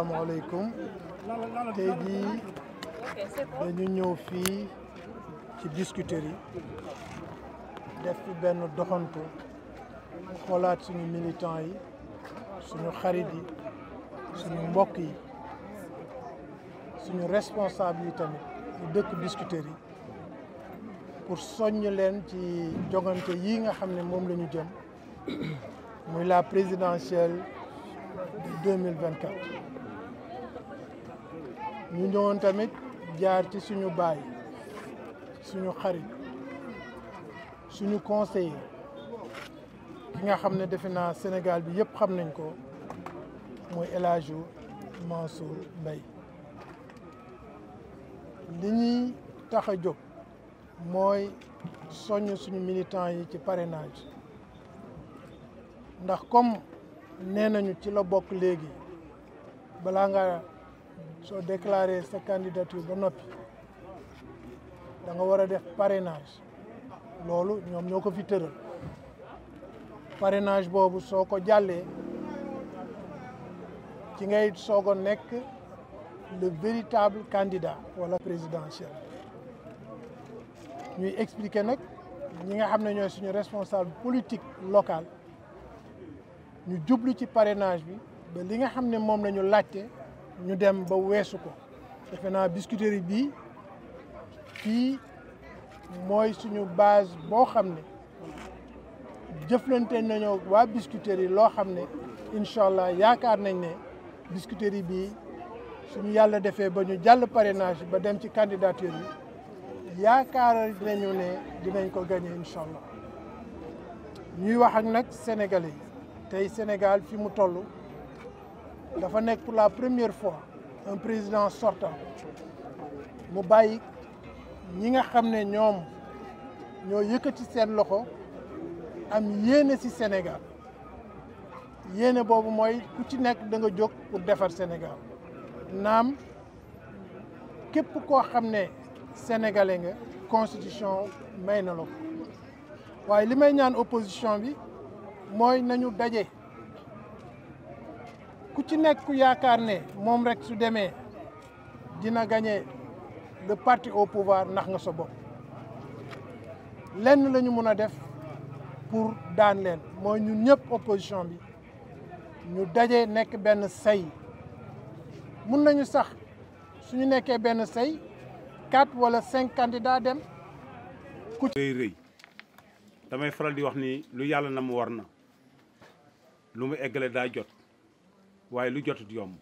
asalaamaaleykum tey jii dañu ñëw fii ci Biscuiterie yi def fi benn doxantu xoolaat suñu militant yi suñu xarit yi suñu mbokk yi suñu responsable yi tamit ñu dëkk Biscuiterie yi pour soññ leen ci jogante yi nga xam ne moom lañu ñu jëm muy la présidentielle de 2024 ñu ñëwoon tamit jaar ci suñu baay suñu xarit suñu conseiller ki nga xam ne defe naa Sénégal bi yëpp xam nañ ko mooy El Hadji Mansour li ñuy tax a jóg mooy soñ suñu militants yi ci pare parrainage ndax comme nee nañu ci la bokk léegi balaa nga soo déclaré sa candidature ba noppi da nga war a def parenage loolu ñoom ñoo ko fi tëral parenage boobu soo ko jàllee ci ngay soog a nekk le véritable candidat wala présidentiel ñuy expliquer nag ñi nga xam ne ñooy suñu responsable politique local ñu jublu ci parrainage bi ba li nga xam ne moom lañu ñu laajte ñu dem ba weesu ko defe naa Biscuiterie bii fii mooy suñu base boo xam ne jëflante nañoo waa Biscuiterie yi loo xam ne incha allah yaakaar nañ ne Biscuiterie bi suñu yàlla defee ba ñu jàll parenage ba dem ci candidature yi yaakaar ñu ne dinañ ko gagné incha allah ñuy wax ak nag sénégalais tey Sénégal fi mu toll. dafa nekk pour la première fois un président sortant mu bàyyi ñi nga xam ne ñoom ñoo yëkkati seen loxo am yéene ci Sénégal yéene boobu mooy ku ci nekk da nga jóg pour defar Sénégal naam képp koo xam ne sénégalais nga constitution may na la waaye li may ñaan opposition bi mooy nañu daje. ku ci nekku yaakaar ne moom rek su demee dina gagné le parti au pouvoir nax nga sa bopp lenn lañu mun a def pour daan leen mooy ñun ñëpp opposition bi ñu daje nekk benn say mun nañu sax suñu nekkee benn say quatre wala cinq candidats dem ku ci rëy damay faral di wax nii lu yàlla na mu war na lu mu eggale daa jot waaye lu jotut yomb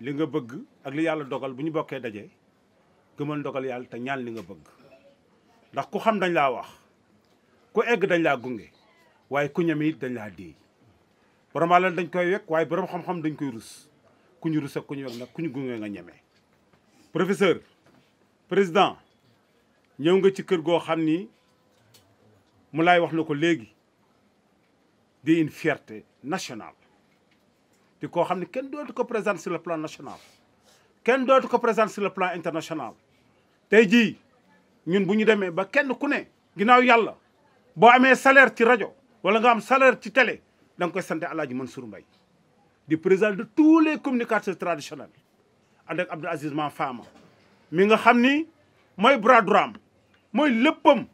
li nga bëgg ak li yàlla dogal bu ñu bokkee daje gëmal dogal yàlla te ñaan li nga bëgg ndax ku xam dañ laa wax ku egg dañ laa gunge waaye ku ñeme it dañ laa déey borom alal dañ koy wekk waaye borom xam-xam dañ koy rus ku ñu rus ak ku ñu wekk nag ku ñu gunge nga ñeme. professeur président ñëw nga ci kër goo xam ni mu laay wax na ko léegi di une fierté nationale. di koo xam ne kenn dootu ko présente sur le plan national kenn dootu ko présente sur le plan international tey jii ñun bu ñu demee ba kenn ku ne ginnaaw yàlla boo amee salaire ci rajo wala nga am salaire ci télé da nga koy sant El Hadj Mansour Mbaye di président de tous les communicateurs traditionnels ànd ak Abdou Aziz Man Fama mi nga xam ni mooy bras mooy léppam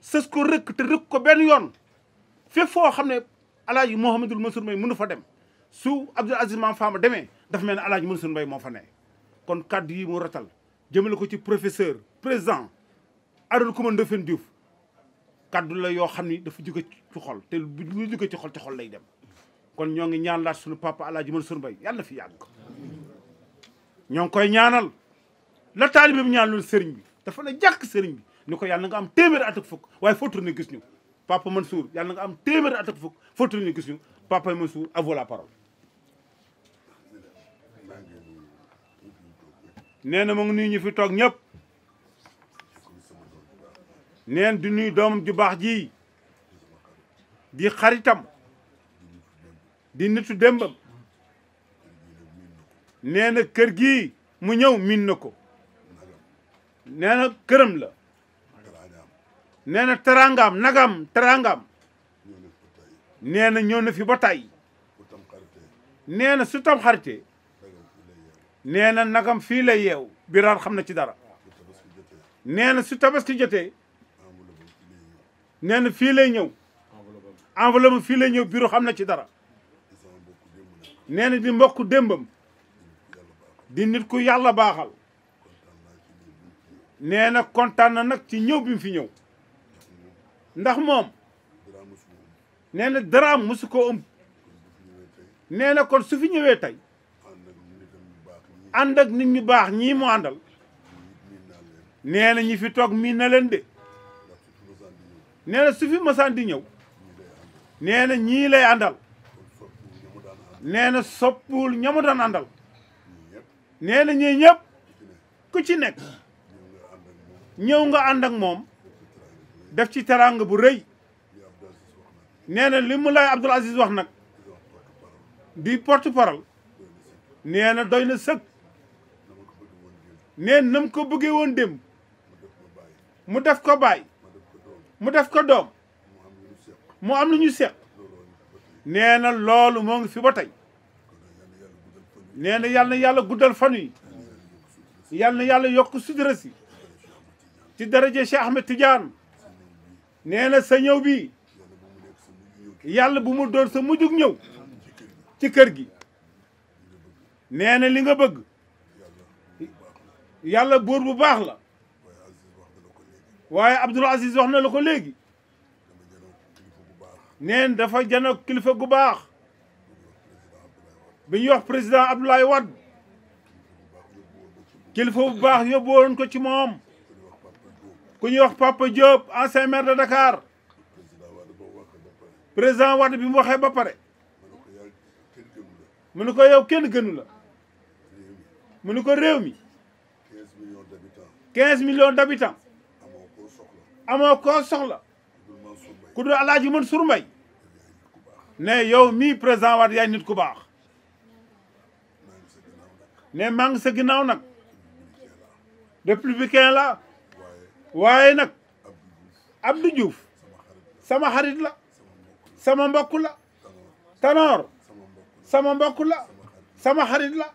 sës ko rëkk te rëkk ko benn yoon fépp foo xam ne El Hadj Mouhamadul Mansour Mbaye mënu fa dem su Abdoul Aziz Mame Fama demee dafa mel ne El Hadj Mansour Mbaye moo fa ne kon kàddu yi mu ratal jëmale ko ci professeur président Arona Coumba Ndoffène Diouf kàddu la yoo xam ni dafa jóge ci xol te lu jóge ci xol ci xol lay dem kon ñoo ngi ñaan laat suñu papa El Hadj Mansour Mbaye yàlla na fi yàgg ñoo ngi koy ñaanal la taalibe bi ñaan loolu sëriñ bi dafa ne jàkk sëriñ bi ni ko yàlla nga am téeméeri at ak fukk waaye foo tourné gis ñu papa Mansour yàlla na nga am téeméeri at ak fukk gis ñu papa Mansour à vous nee na mu ngi ñu fi toog ñëpp neen du nuy doomam ju baax ji di xaritam di nitu démbam nee na kër gi mu ñëw miin na ko neena na këram la nee na teraangaam nagam teraangaam nee na ñëw na fi ba tàyyi nee na su tam xarite nee na nagam fii la yeew biraan xam na ci dara nee na su tabaski jotee nee na fii lay ñëw enveloppe fii lay ñëw bureau xam na ci dara nee na di mbokk démbam di nit ku yàlla baaxal nee na kontaan na nag ci ñëw bi mu fi ñëw ndax moom nee na daraam mosu ko ëmb nee na kon su fi ñëwee tey ànd nit ñu baax ñii mu àndal nee na ñi fi toog miin na leen de nee na su fi masaan di ñëw neena na ñii lay àndal nee na soppul ñamu daan àndal nee na ñee ku ci nekk ñëw nga ànd ak moom def ci teraanga bu rëy nee na li mu lay Abdoul wax nag di porte-parole nee na doy na sëkk neen nam ko bëggee woon démb mu def ko baay mu def ko doom mu am lu ñu seq nee na loolu moo ngi fi ba tey nee na yàlla yàlla guddal fan yi yàlla yàlla yokk sutura si ci daraje Cheikh Ahmed Tidiane nee na sa ñëw bi yàlla bu mu doon sa mujjug ñëw ci kër gi nee na li nga bëgg yàlla buur bu baax la waaye Abdoul Aziz wax na la ko léegi neen dafa jano kilifa gu baax bi ñuy wax président Abdoulaye Wade kilifa bu baax yóbbu ko ci moom ku ñuy wax Papa Diop ancien maire de Dakar président Wade bi mu waxee ba pare mu ne ko yow kenn gënu la mu ne ko réew mi 15 millions d' habitants amoo koo soxla ku dul Alaaji Mansour Mbaye ne yow mi président Wade yaay nit ku baax ne maa ngi sa ginnaaw nag républicain la waaye nag Abdou Diouf sama xarit la sama mbokk la Tanor sama mbokk la sama xarit la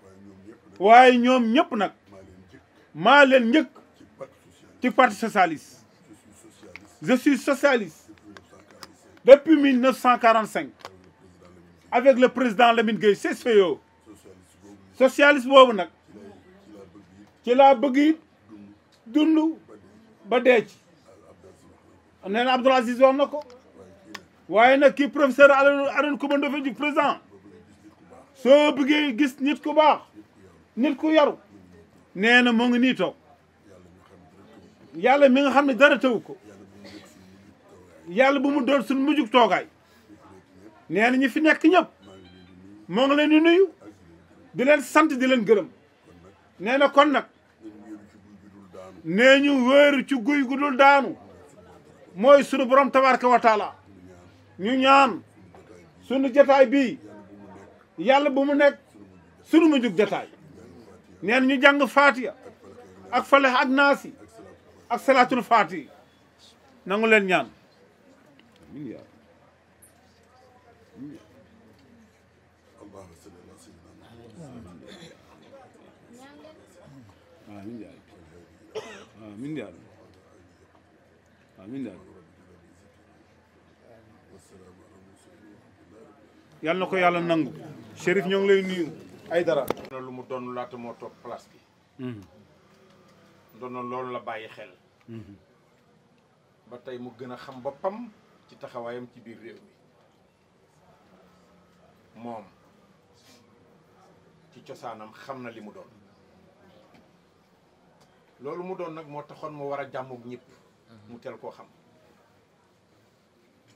waaye ñoom ñëpp nag maa leen njëkk du Parti socialiste. Je suis socialiste depuis 1945 avec le président Lamine Gueye Sessoyo socialiste boobu nag ci laa bëgg it dund ba dee ci nee na Abdoul Aziz wax na ko waaye nag kii professeur Alioune Alioune Couba Ndoffène Diouf président soo bëggee gis nit ku baax nit ku yaru nee na moo ngi nii yàlla mi nga xam ne dara tëw ko yàlla bu mu doon suñu mujjug toogaay nee na ñu fi nekk ñëpp moo ngi leen di nuyu di leen sant di leen gërëm nee na kon nag nee ñu wéeru ci guy gu dul daanu mooy sunu borom tabaraka wa ñu ñaan sunu jataay bi yàlla bu mu nekk sunu mujjug jataay neen na ñu jàng faatiya ak falex ak naasi ak salaatul faati nangu leen ñaan amin ya amin ya yal na ko yàlla nangu Chérif ñoo ngi lay nuyu ay dara na lu mu doon laata moo toog place ndono loolu la bàyyi xel mhm. ba tey mu gën a xam boppam ci taxawaayam ci biir réew mi moom ci cosaanam xam na li mu doon loolu mu doon nag moo taxoon mu war a jàmmug ñépp mhm. mu teel koo xam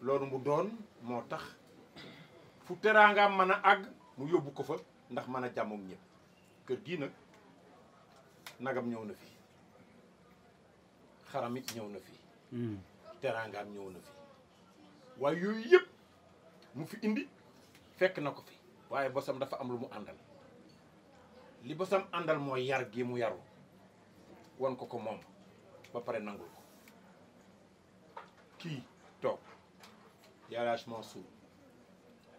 loolu mu doon moo tax fu teraangaam mën a àgg mu yóbbu ko fa ndax mën a jàmmug ñépp kër gii nag nagam ñëw na fi xaramit ñëw na fi hmm. teraangaam ñëw na fi waaye yooyu yëpp mu fi indi fekk na ko fi waaye bosam dafa am lu mu àndal li bosam àndal mooy yar gi mu yaru wan ko ko moom ba pare nangul ko kii toog yàllaa Mansour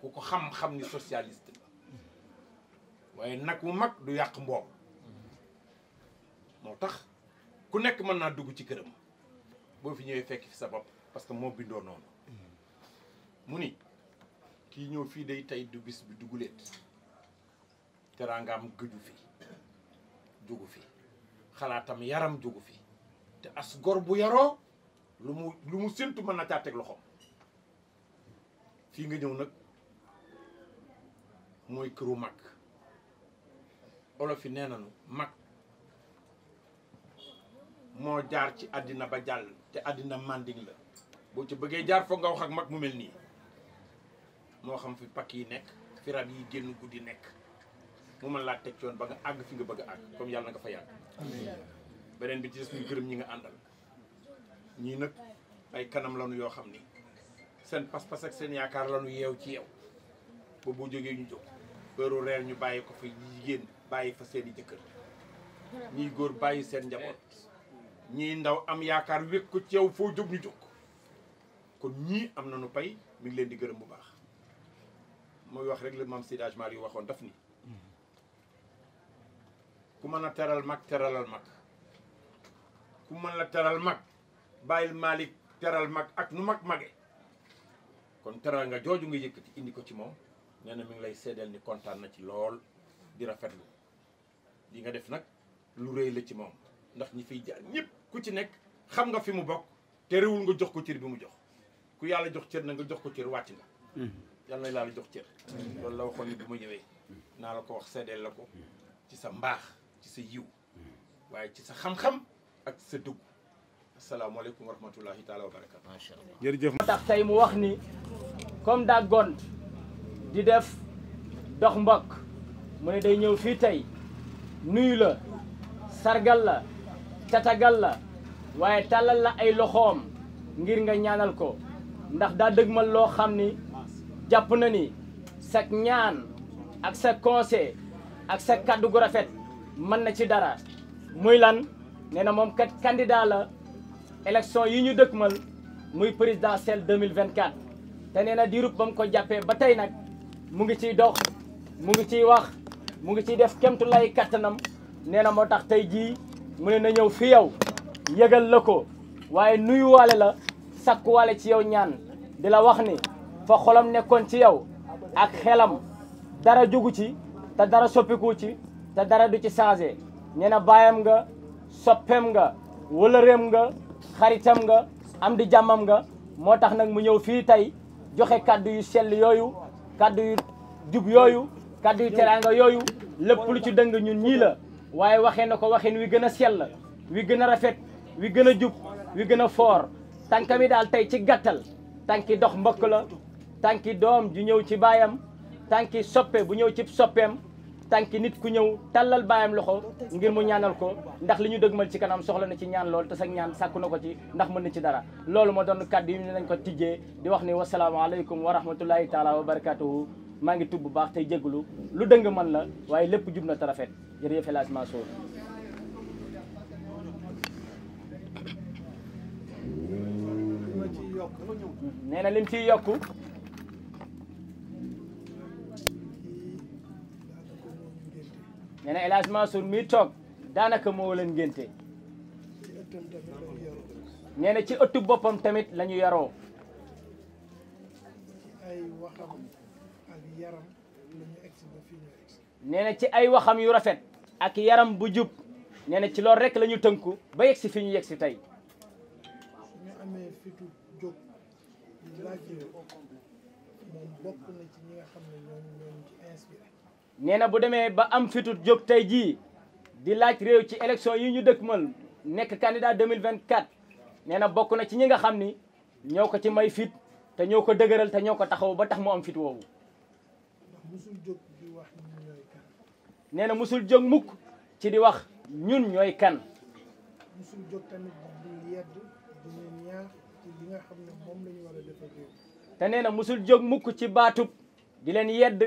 ku ko xam-xam ni socialiste waaye nag mu mag du yàq mboom hmm. moo tax ku nekk mën naa dugg ci këram boo fi ñëwee fekk fi sa bopp parce que moo bindoo noonu mm-hmm. mu ni kii ñëw fii day tey du bis bi duguleet teraangaam gëju fi jugu fi xalaatam yaram jugu fi te as gor bu yaroo lu mu lu mu séntu mën na caa teg loxoom fii nga ñëw nag mooy këru mag olof yi nee nañu mag moo jaar ci àddina ba jàll te àddina manding la boo ci bëggee jaar foog nga wax ak mag mu mel nii moo xam fi pakk yi nekk fi rab yi génn guddi nekk mu mën laa teg yoon ba nga àgg fi nga bëgg a comme yàlla nga fa yàgg beneen bi ci des gërëm ñi nga àndal ñii nag ay kanam lanu yoo xam ni seen pas-pas ak seen yaakaar lanu yeew ci yow ba boo jógee ñu jóg heure reer ñu bàyyi ko fa génn bàyyi fa seen i jëkkër ñiy góor bàyyi seen njaboot ñi ndaw am yaakaar wékku ci yow foo jóg ñu jóg kon ñii am na nañu pay mu ngi leen di gërëm bu baax mooy wax rek la maam Seydi Hadji Malick waxoon daf ni ku mën a teral mag teralal mag ku mën la teral mag bàyyil Malick teral mag ak nu mag mage kon teral nga jooju nga yëkkati indi ko ci moom nee na mi ngi lay seedeel ni kontaan na ci lool di rafetlu li nga def nag lu rëy la ci moom ndax ñi fiy jaar ñëpp ku ci nekk xam nga fi mu bokk te réewul nga jox ko cër bi mu jox ku yàlla jox cër na nga jox ko cër wàcc nga hmm. yàlla na laa la jox cër loolu la waxoon ni bu ma ñëwee naa la ko wax seddeel la ko hmm. ci sa mbaax ci sa yiw waaye ci sa xam-xam ak sa dugg asalaamaaleykum wa rahmatullahi taala wa barakatu jërëjëf tax tey mu wax ni comme daa gont di def dox mbokk mu ne day ñëw fii tey nuyu la sargal la tatagal la waaye tàllal la ay loxoom ngir nga ñaanal ko ndax daa dëgmal loo xam ni jàpp na ni sa ñaan ak sa conseil ak sa kàddu gu rafet mën na ci dara muy lan nee na moom kat candidat la élection yi ñu dëkkmal muy présidentielle 2024 te nee na diirub ba ko jàppee ba tey nag mu ngi ciy dox mu ngi ci wax mu ngi ciy def kemtu lay kattanam nee na moo tax tey jii mu ne na ñëw fi yow yëgal la ko waaye nuyuwaale la sakkuwaale ci yow ñaan di la wax ni fa xolam nekkoon ci yow ak xelam dara jugu ci te dara soppiku ci te dara du ci changé nee na baayam nga soppeem nga wëlëreem nga xaritam nga am di jàmmam nga moo tax nag mu ñëw fii tey joxe kàddu yu sell yooyu kàddu yu jub yooyu kàddu yu teraanga yooyu lépp lu ci dëng ñun ñii la waaye waxee na ko waxin wi gën a sell wi gën a rafet wi gën a jub wi gën a foor tànka mi daal tey ci gàttal tànki dox mbokk la tànki doom ju ñëw ci baayam tànki soppe bu ñëw ci soppeem tanki nit ku ñëw tàllal baayam loxo ngir mu ñaanal ko ndax li ñu dëgmal ci kanam soxla na ci ñaan lool te sax ñaan sàkku na ko ci ndax mën na ci dara loolu moo doon kàddu yi ñu nañ ko tijjee di wax ni wasalaamaaleykum wa rahmatullahi taala wa barakatuhu maa ngi tub bu baax tey jégalu lu dëng man la waaye lépp jub na tarafet jërëjëf El Hadj Mansour nee na lim ciy yokku nee na mi toog daanaka moo leen ngénte nee ci ëttu boppam tamit lañu ñu yaroo yaram nee na ci ay waxam yu rafet ak yaram bu jub nee na ci loolu rek la ñu ba si fi ñu yegg si tey nee na bu demee ba am fitut jóg tey jii di laaj réew ci élection yi ñu dëkk dëkkmal nekk candidat 2024 nee na bokk na ci ñi nga xam ni ñoo ko ci may fit te ñoo ko dëgëral te ñoo ko taxaw ba tax mu am fit woowu musul jóg di wax ñun ñooy kan. na musul jóg mukk ci di wax ñun ñooy kan. musul jóg tamit di nga xam moom la ñu te nee na musul jóg mukk ci baatub di leen yedd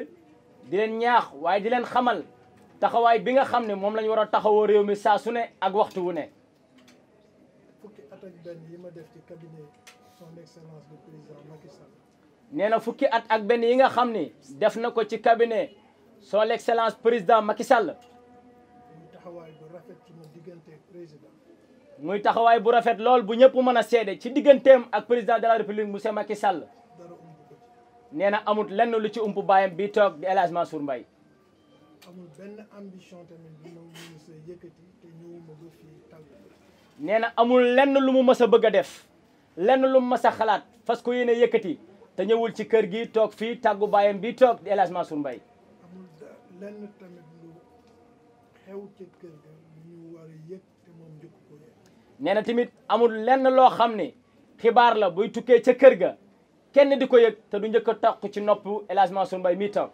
di leen ñaax waaye di leen xamal taxawaay bi nga xam ne moom la ñu war a taxawoo réew mi saa su ne ak waxtu wu ne. fukki at ak ma def ci cabinet son le président Macky Sall. nee na fukki at ak benn yi nga xam ni def na ko ci cabinet son excellence président Macky Sall muy taxawaay bu rafet lool bu ñëpp mën a seede ci digganteem ak président de la république monsieur Sall nee na amut lenn lu ci ump baayam bi toog di El Hadj Mansour Mbaye amul na amul lenn lu mu mës a bëgg a def lenn lu mu mës a xalaat fas ko yéene yëkkati te ñëwul ci kër gi toog fii tàggu baayam bi toog El Hadj Mansour Mbaye amul na tamit amul lenn loo xam ni xibaar la buy tukkee ca kër ga kenn di ko yëg te du njëkk a toq ci noppu El Hadj Mansour Mbaye mii toog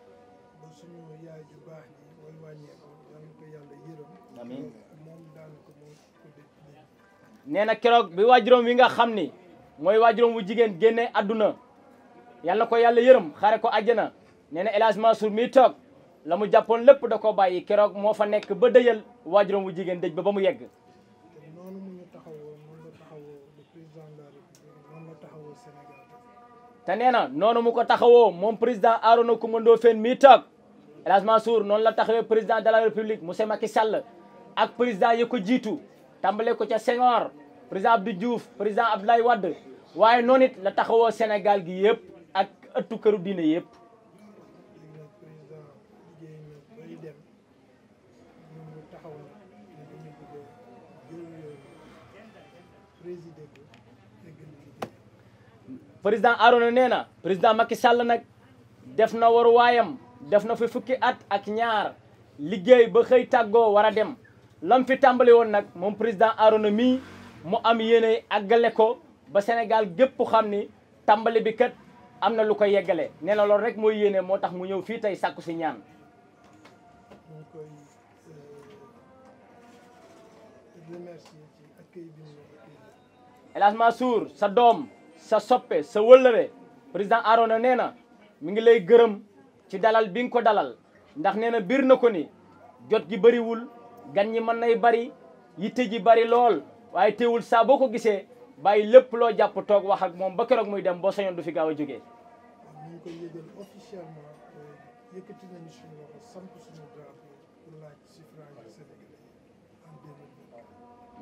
amiin nee na keroog bi waajuróom wi nga xam ni mooy waajuróom wu jigéen génne àdduna yal na ko yàlla yërëm xare ko àjjana nee na El Hadj toog la mu jàppoon lépp da koo bàyyi keroog moo fa nekk ba dëyal waajuram wu jigéen dëj ba ba mu yegg. te nee na noonu mu ko taxawoo moom président Arona Coumba Ndoffène mii toog El Hadj Mansour noonu la taxawee président de la république monsieur Macky Sall ak président yi ko jiitu tàmbale ko ca Senghor président Abdou Diouf président Abdoulaye Wade waaye noonu it la taxawoo Sénégal gi yëpp. ak atu këru diine yépp président Arona nee na président Macky sàll nag def na waruwaayam def na fi fukki at ak ñaar liggéey ba xëy tàggoo war a dem lam fi tàmbali woon nag moom président Arona mii mu am yéene àggale ko ba senegal gépp xam ni tàmbali bi kat am na lu ko yeggale nee na loolu rek mooy yéene moo tax mu ñëw fii tey sàkku si ñaan El Hadj Mansour sa doom sa soppe sa wëllëre président Arona nee na mu ngi lay gërëm ci dalal bi nga ko dalal ndax nee na biir na ko ni jot gi bëriwul gan ñi mën nay bari yitte ji bari lool waaye teewul saa boo ko gisee bàyyi lépp loo jàpp toog wax ak moom ba keroog muy dem boo sañoon du fi gaaw a jógee ñu ngi koy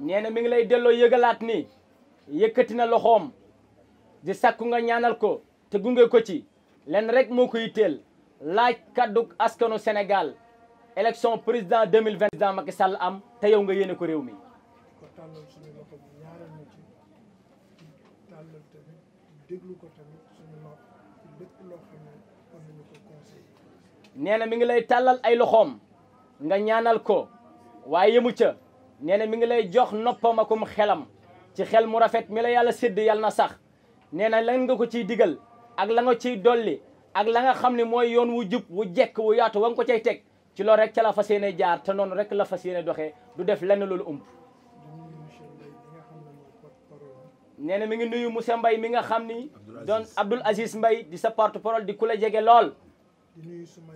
euh, mi ngi lay delloo yëgalaat ni yëkkati na loxoom di sakk nga ñaanal ko te gunge ko ci leen rek moo ko yitteel laaj kaddu askanu Sénégal élection président 2020 Macky sàll am te yow nga yéene ko réew mi. nee na mi ngi lay tàllal ay loxoom nga ñaanal ko waaye yemu ca nee na mi ngi lay jox noppam akum xelam ci xel mu rafet mi la yàlla sédd yàlla na sax nee na lan nga ko ciy digal ak la nga ciy dolli ak la nga xam ne mooy yoon wu jub wu jekk wu yaatu wa nga ko cay teg ci loolu rek ca la fas jaar te noonu rek la fas yéene doxee du def lenn loolu ump nee na mi ngi nuyu monsieur Mbaye mi nga xam ni doon Abdoul Aziz Mbaye di sa porte-parole di ku la jege lool suma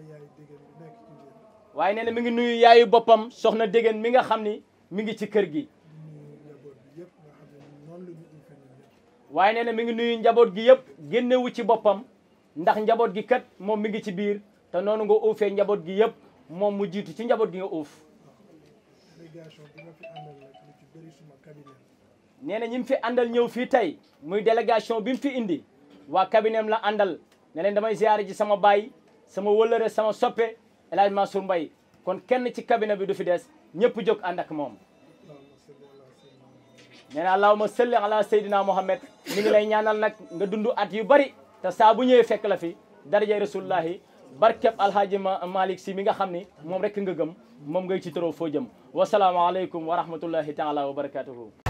waaye nee na mi ngi nuyu yaayu boppam soxna dégéen mi nga xam ni mi ngi ci kër gi waaye nee na mi ngi nuyu njaboot gi yëpp génnewu ci boppam ndax njaboot gi kat moom mi ngi ci biir te noonu nga uufee njaboot gi yëpp moom mu jiitu ci njaboot gi nga uuf nee ñi mu fi àndal ñëw fii tey muy délégation bi mu fi indi waa cabinet la àndal ne leen damay ziyaare ji sama baay sama wëllëre sama soppe El Hadj mbay kon kenn ci cabinet bi du fi des ñëpp jóg ànd ak moom nee na allahuma salli ala sayyidina Muhammad mi ngi lay ñaanal nag nga dund at yu bari te saa bu ñëwee fekk la fi darajay rasulullahi barkeb alhaaji Malick si mi nga xam ni moom rek nga gëm moom nga ci toroo foo jëm wasalaamualeykum wa rahmatullahi taala wa barakatuhu